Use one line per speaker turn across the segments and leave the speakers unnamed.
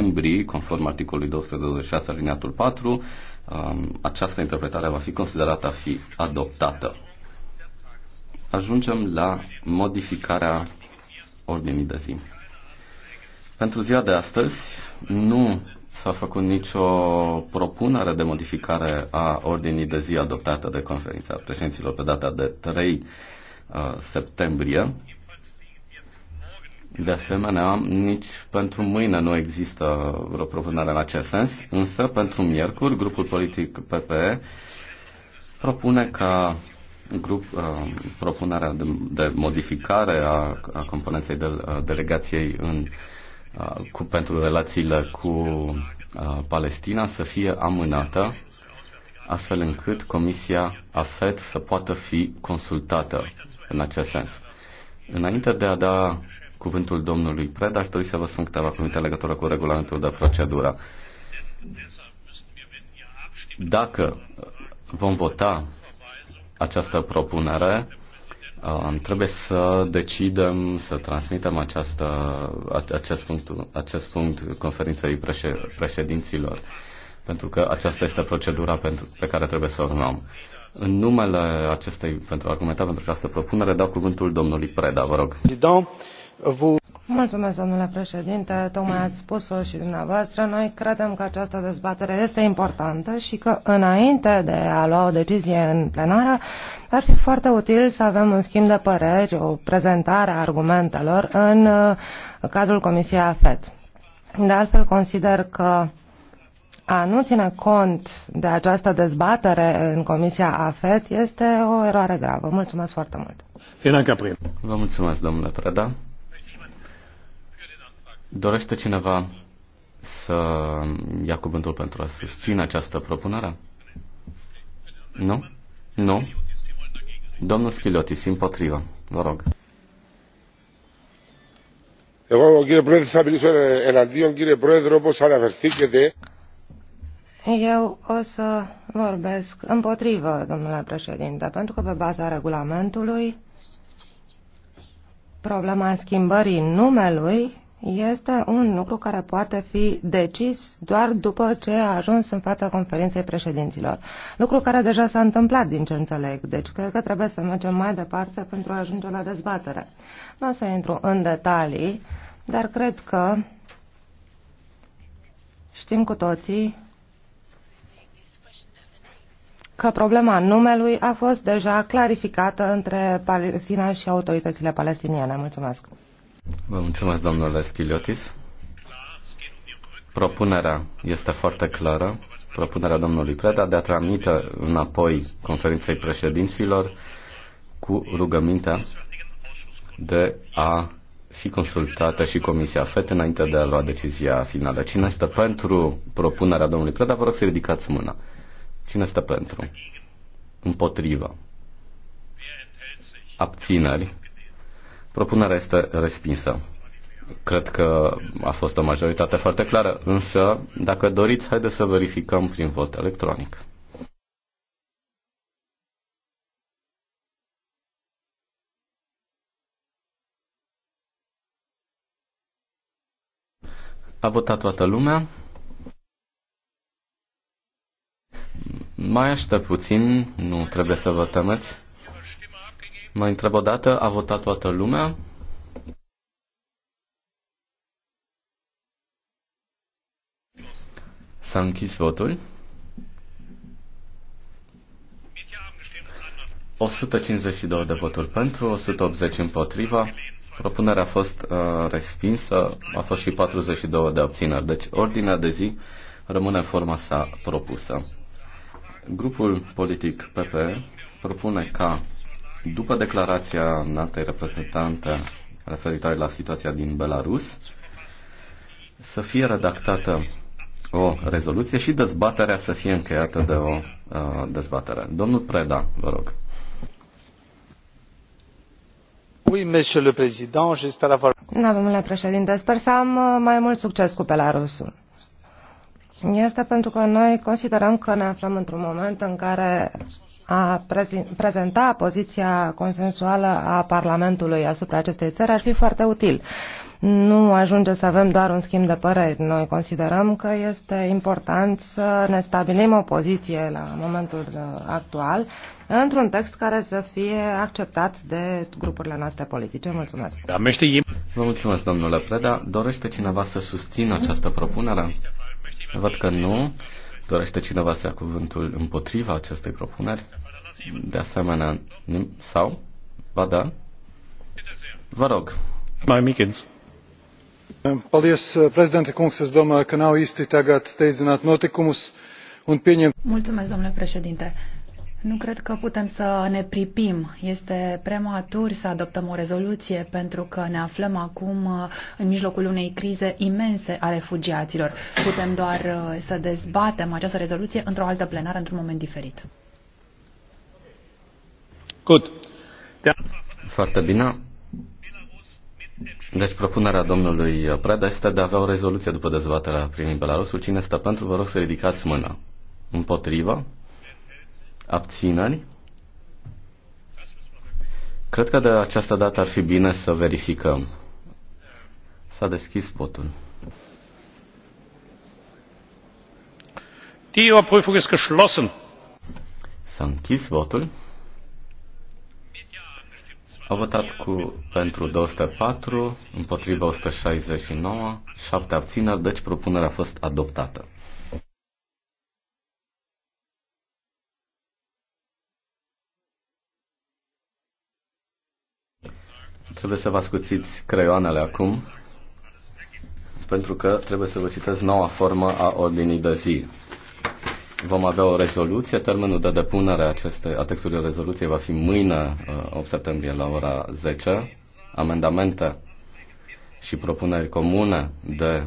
membrii, conform articolului 226 alineatul 4, um, această interpretare va fi considerată a fi adoptată. Ajungem la modificarea ordinii de zi. Pentru ziua de astăzi nu s-a făcut nicio propunere de modificare a ordinii de zi adoptată de conferința președinților pe data de 3 uh, septembrie. De asemenea, nici pentru mâine nu există vreo propunere în acest sens, însă pentru miercuri, grupul politic PPE propune ca grup, uh, propunerea de, de modificare a, a componenței de, a uh, delegației în, uh, cu, pentru relațiile cu uh, Palestina să fie amânată, astfel încât Comisia AFET să poată fi consultată în acest sens. Înainte de a da cuvântul domnului Pred, aș dori să vă spun câteva cuvinte legătură cu regulamentul de procedură. Dacă vom vota această propunere, uh, trebuie să decidem să transmitem această, acest, punct, acest punct conferinței președinților, pentru că aceasta este procedura pe care trebuie să o urmăm. În numele acestei, pentru a argumenta pentru această propunere, dau cuvântul domnului Preda, vă rog. Zidon.
Mulțumesc, domnule președinte. Tocmai ați spus-o și dumneavoastră. Noi credem că această dezbatere este importantă și că înainte de a lua o decizie în plenară, ar fi foarte util să avem un schimb de păreri, o prezentare a argumentelor în uh, cadrul Comisiei AFET. De altfel, consider că a nu ține cont de această dezbatere în Comisia AFET este o eroare gravă. Mulțumesc foarte mult.
Vă mulțumesc, domnule Preda. Dorește cineva să ia cuvântul pentru a susține această propunere? Nu? Nu? Domnul Schiliotis, împotrivă. Vă rog.
Εγώ, κύριε Πρόεδρε, θα μιλήσω εναντίον, κύριε Πρόεδρε, όπως de. Eu o să vorbesc împotrivă, domnule președinte, pentru că pe baza regulamentului problema schimbării numelui este un lucru care poate fi decis doar după ce a ajuns în fața conferinței președinților. Lucru care deja s-a întâmplat, din ce înțeleg. Deci cred că trebuie să mergem mai departe pentru a ajunge la dezbatere. Nu o să intru în detalii, dar cred că știm cu toții că problema numelui a fost deja clarificată între Palestina și autoritățile palestiniene. Mulțumesc!
Vă mulțumesc, domnule Schiliotis. Propunerea este foarte clară, propunerea domnului Preda de a tramite înapoi conferinței președinților cu rugămintea de a fi consultată și Comisia FET înainte de a lua decizia finală. Cine este pentru propunerea domnului Preda? Vă rog să ridicați mâna. Cine este pentru? Împotriva. Abțineri. Propunerea este respinsă. Cred că a fost o majoritate foarte clară, însă, dacă doriți, haideți să verificăm prin vot electronic. A votat toată lumea. Mai aștept puțin, nu trebuie să vă temeți. Mă întreb o dată, a votat toată lumea? S-a închis votul. 152 de voturi pentru, 180 împotriva. Propunerea a fost uh, respinsă, a fost și 42 de abțineri. Deci ordinea de zi rămâne în forma sa propusă. Grupul politic PP propune ca după declarația natei reprezentante referitoare la situația din Belarus, să fie redactată o rezoluție și dezbaterea să fie încheiată de o uh, dezbatere. Domnul Preda, vă rog. Oui, monsieur le président, j'espère avoir...
Da, domnule președinte, sper să am uh, mai mult succes cu Belarusul. Este pentru că noi considerăm că ne aflăm într-un moment în care a prezenta poziția consensuală a Parlamentului asupra acestei țări ar fi foarte util. Nu ajunge să avem doar un schimb de păreri. Noi considerăm că este important să ne stabilim o poziție la momentul uh, actual într-un text care să fie acceptat de grupurile noastre politice. Mulțumesc!
Da, Vă mulțumesc, domnule Preda. Dorește cineva să susțină această propunere? Văd că nu. Dorește cineva să ia cuvântul împotriva acestei propuneri? De asemenea, sau? Ba da? Vă rog. Mai Mikins.
Paldies, prezidente Kungs, domnule, că n-au isti tagad steidzināt notikumus un pieņem...
Mulțumesc, domnule președinte. Nu cred că putem să ne pripim. Este prematur să adoptăm o rezoluție pentru că ne aflăm acum uh, în mijlocul unei crize imense a refugiaților. Putem doar uh, să dezbatem această rezoluție într-o altă plenară, într-un moment diferit.
Good. Foarte bine. Deci propunerea domnului Preda este de a avea o rezoluție după dezbaterea privind Belarusul. Cine stă pentru, vă rog să ridicați mâna. Împotriva? Abțineri? Cred că de această dată ar fi bine să verificăm. S-a deschis votul. Die Überprüfung ist geschlossen. S-a închis votul. A votat cu pentru 204, împotriva 169, 7 abțineri, deci propunerea a fost adoptată. Trebuie să vă ascuțiți creioanele acum, pentru că trebuie să vă citesc noua formă a ordinii de zi. Vom avea o rezoluție, termenul de depunere aceste, a textului rezoluției va fi mâine, 8 uh, septembrie, la ora 10. Amendamente și propuneri comune de,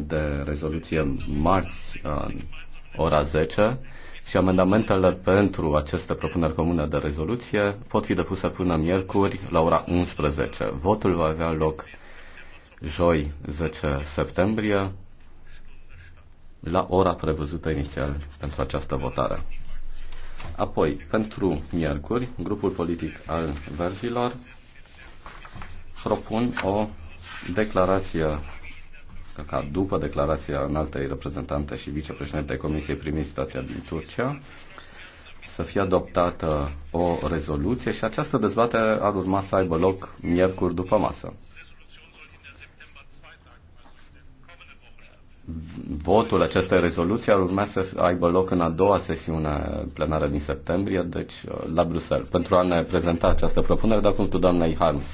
de rezoluție marți, uh, ora 10 și amendamentele pentru aceste propuneri comune de rezoluție pot fi depuse până miercuri la ora 11. Votul va avea loc joi 10 septembrie la ora prevăzută inițial pentru această votare. Apoi, pentru miercuri, grupul politic al verzilor propun o declarație ca după declarația înaltei reprezentante și vicepreședintei Comisiei primind situația din Turcia, să fie adoptată o rezoluție și această dezbatere ar urma să aibă loc miercuri după masă. Votul acestei rezoluții ar urma să aibă loc în a doua sesiune plenară din septembrie, deci la Bruxelles, pentru a ne prezenta această propunere, dar punctul doamnei Harms.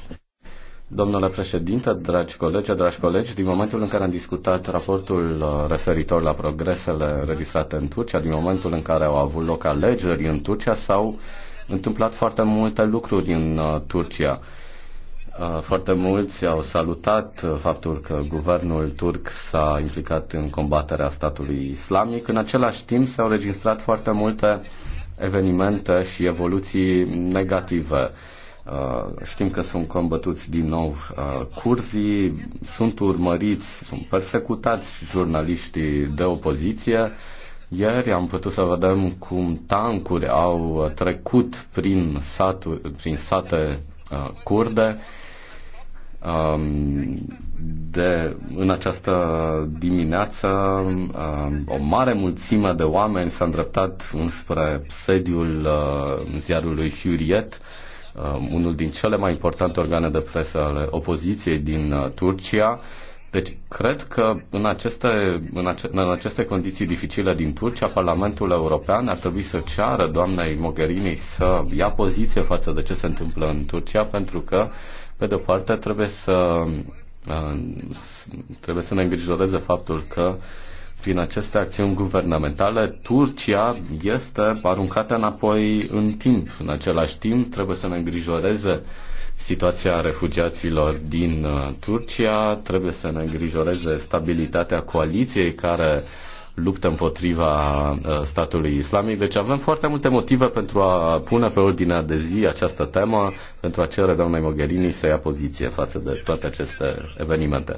Domnule președinte, dragi colegi, dragi colegi, din momentul în care am discutat raportul uh, referitor la progresele înregistrate în Turcia, din momentul în care au avut loc alegeri în Turcia, s-au întâmplat foarte multe lucruri în uh, Turcia. Uh, foarte mulți au salutat faptul că guvernul turc s-a implicat în combaterea statului islamic. În același timp s-au registrat foarte multe evenimente și evoluții negative Uh, știm că sunt combătuți din nou uh, curzii, sunt urmăriți, sunt persecutați jurnaliștii de opoziție. Ieri am putut să vedem cum tancuri au trecut prin, satul, prin sate uh, curde. Um, de, în această dimineață um, o mare mulțime de oameni s-a îndreptat înspre sediul uh, ziarului Huriet Uh, unul din cele mai importante organe de presă ale opoziției din uh, Turcia. Deci, cred că în aceste, în, ace, în aceste condiții dificile din Turcia, Parlamentul European ar trebui să ceară doamnei Mogherini să ia poziție față de ce se întâmplă în Turcia, pentru că, pe de-o parte, trebuie să, uh, trebuie să ne îngrijoreze faptul că uh, prin aceste acțiuni guvernamentale, Turcia este aruncată înapoi în timp. În același timp, trebuie să ne îngrijoreze situația refugiaților din uh, Turcia, trebuie să ne îngrijoreze stabilitatea coaliției care luptă împotriva uh, statului islamic. Deci avem foarte multe motive pentru a pune pe ordinea de zi această temă, pentru a cere doamnei Mogherini să ia poziție față de toate aceste evenimente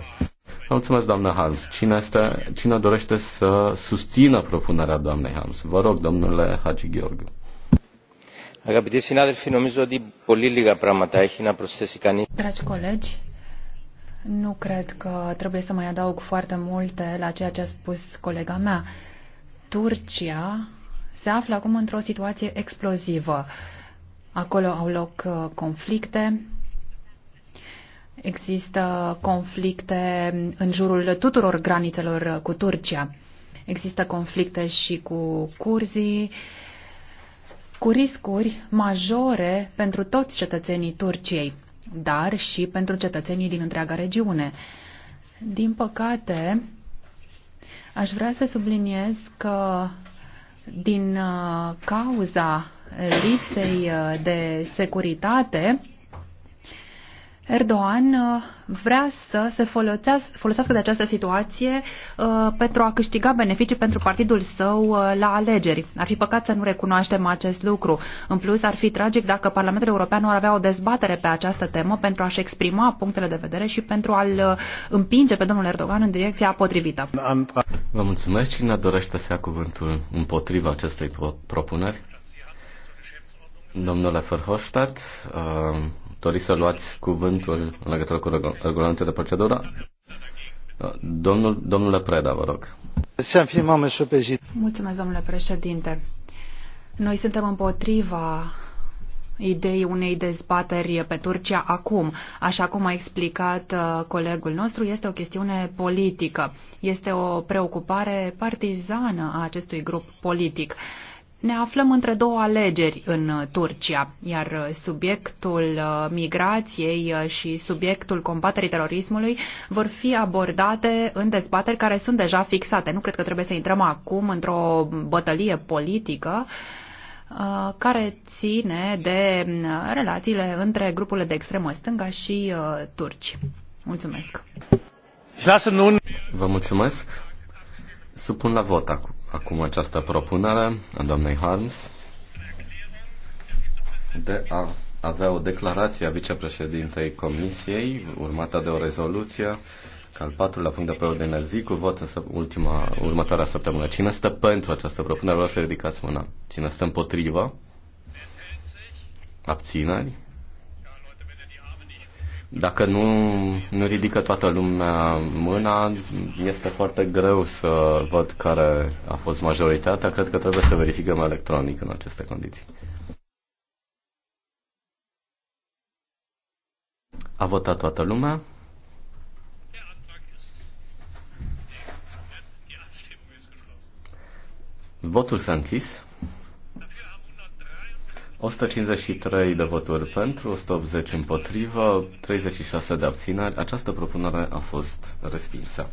mulțumesc, doamnă Hans. Cine, este, cine dorește să susțină propunerea doamnei Hans? Vă rog, domnule Hagi Gheorghiu. Dragi
colegi, nu cred că trebuie să mai adaug foarte multe la ceea ce a spus colega mea. Turcia se află acum într-o situație explozivă. Acolo au loc uh, conflicte, Există conflicte în jurul tuturor granițelor cu Turcia. Există conflicte și cu curzii, cu riscuri majore pentru toți cetățenii Turciei, dar și pentru cetățenii din întreaga regiune. Din păcate, aș vrea să subliniez că din uh, cauza lipsei uh, de securitate, Erdogan uh, vrea să se folosească, folosească de această situație uh, pentru a câștiga beneficii pentru partidul său uh, la alegeri. Ar fi păcat să nu recunoaștem acest lucru. În plus, ar fi tragic dacă Parlamentul European nu ar avea o dezbatere pe această temă pentru a-și exprima punctele de vedere și pentru a-l împinge pe domnul Erdogan în direcția potrivită.
Vă mulțumesc. Cine dorește să ia cuvântul împotriva acestei propuneri? Domnule Verhofstadt, doriți să luați cuvântul în legătură cu regulamentul de procedură? Domnul, domnule Preda, vă rog.
Mulțumesc, domnule președinte. Noi suntem împotriva ideii unei dezbateri pe Turcia acum. Așa cum a explicat uh, colegul nostru, este o chestiune politică. Este o preocupare partizană a acestui grup politic. Ne aflăm între două alegeri în uh, Turcia, iar uh, subiectul uh, migrației și subiectul combaterii terorismului vor fi abordate în dezbateri care sunt deja fixate. Nu cred că trebuie să intrăm acum într-o bătălie politică care ține de relațiile între grupurile de extremă stânga și turci. Mulțumesc!
Vă mulțumesc! Supun la vot acum acum această propunere a doamnei Harms de a avea o declarație a vicepreședintei Comisiei, urmată de o rezoluție, ca al patrulea punct de pe ordine zi, cu vot în ultima, următoarea săptămână. Cine stă pentru această propunere, vreau să ridicați mâna. Cine stă împotrivă? Abțineri? Dacă nu, nu ridică toată lumea mâna, este foarte greu să văd care a fost majoritatea. Cred că trebuie să verificăm electronic în aceste condiții. A votat toată lumea. Votul s-a închis. 153 de voturi pentru, 180 împotrivă, 36 de abțineri. Această propunere a fost respinsă.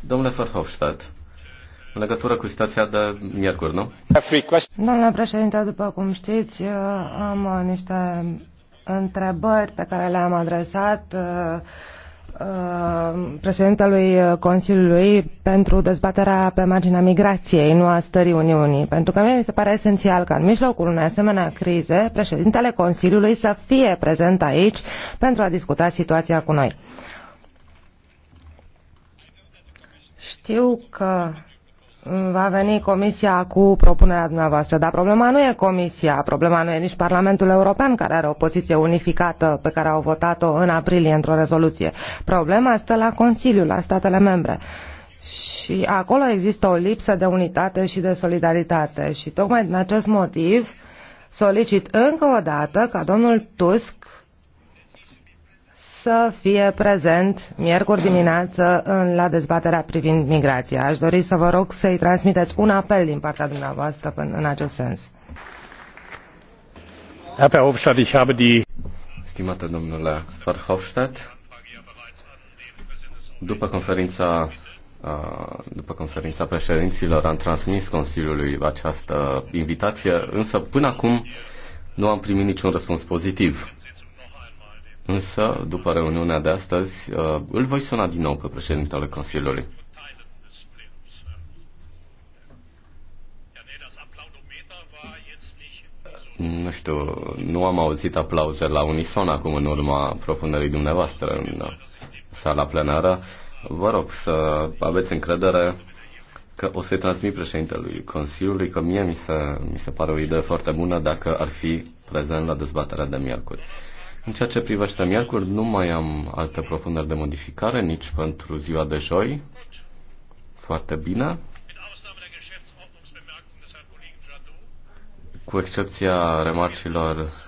Domnule Verhofstadt, în legătură cu situația de miercuri, nu?
Domnule președinte, după cum știți, am niște întrebări pe care le-am adresat uh, Uh, președintelui uh, Consiliului pentru dezbaterea pe marginea migrației, nu a stării Uniunii. Pentru că mie mi se pare esențial ca în mijlocul unei asemenea crize, președintele Consiliului să fie prezent aici pentru a discuta situația cu noi. Știu că va veni Comisia cu propunerea dumneavoastră, dar problema nu e Comisia, problema nu e nici Parlamentul European, care are o poziție unificată pe care au votat-o în aprilie într-o rezoluție. Problema stă la Consiliu, la statele membre. Și acolo există o lipsă de unitate și de solidaritate. Și tocmai din acest motiv solicit încă o dată ca domnul Tusk să fie prezent miercuri dimineață la dezbaterea privind migrația. Aș dori să vă rog să-i transmiteți un apel din partea dumneavoastră în acest sens.
Stimată domnule Verhofstadt, după conferința după conferința președinților am transmis Consiliului această invitație, însă până acum nu am primit niciun răspuns pozitiv. Însă, după reuniunea de astăzi, uh, îl voi suna din nou pe președintele Consiliului. Nu știu, nu am auzit aplauze la unison acum în urma propunerii dumneavoastră în sala plenară. Vă rog să aveți încredere că o să-i transmit președintelui Consiliului că mie mi se, mi se pare o idee foarte bună dacă ar fi prezent la dezbaterea de miercuri. În ceea ce privește miercuri, nu mai am alte propuneri de modificare, nici pentru ziua de joi. Foarte bine. Cu excepția remarcilor